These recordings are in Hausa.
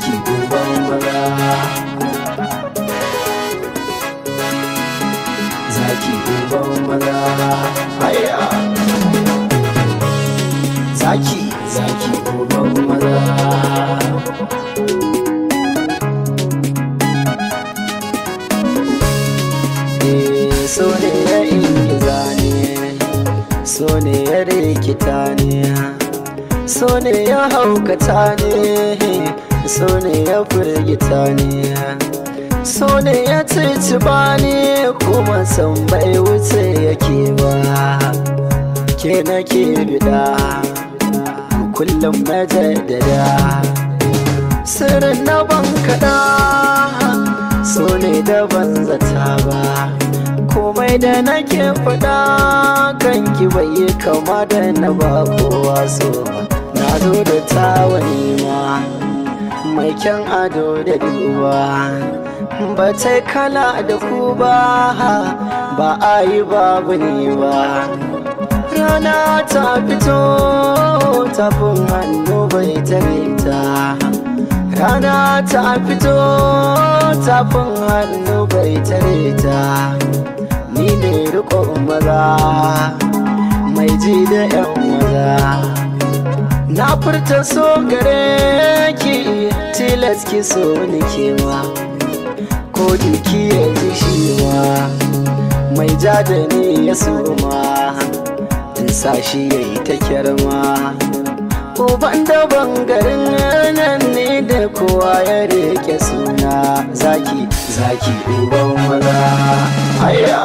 zaki uban maza zaki uban maza haya zaki zaki uban maza eh, so ne ya ingiza ne so ne ya rikita ne so ne ya haukata ne so ne ya firgita ne so ne ya cici bani kuma san bai wuce yake ba ke nake bida kullum na jaddada sirrin na ban kaɗa so ne da ban zata ba komai da nake faɗa kan ki bai kama da na ba kowa so na zo da tawani mai kyan ado da duwa ba ta kala da ku ba ba a yi babu ne ba rana ta fito tafin hannu bai ta rana ta fito tafin hannu bai tare ta ni ne riko maza mai ji da yan maza na furta so gare ki tilas ki so ni kewa ko duki ya ji shiwa mai jadani ya soma in sa shi ya yi ta kyarma uban daban garin nan ne da kowa ya rike suna zaki zaki uban maza haya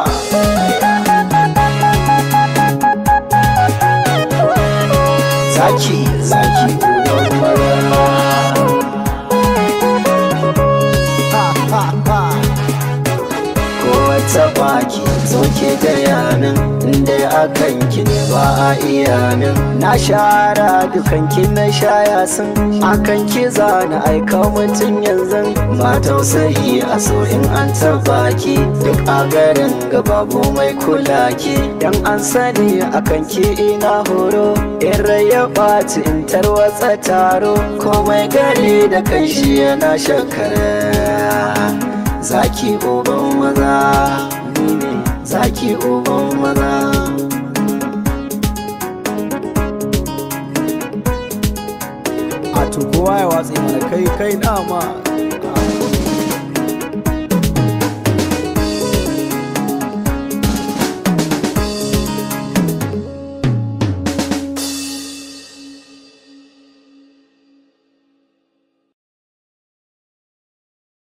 mamaki sauke yanin inda kan ki ne ba a iyanin na shara dukan ki na shaya sun kan ki zana aika mutum yanzu ba tausayi a soyin an taba ki duk a garin babu mai kula ki dan an sani kan ki ina horo in raya ɓaci in tarwatsa taro komai gari da kan shi yana shakara zaki uban maza zaki uban mana a tukuwa ya watsi mana kai kai dama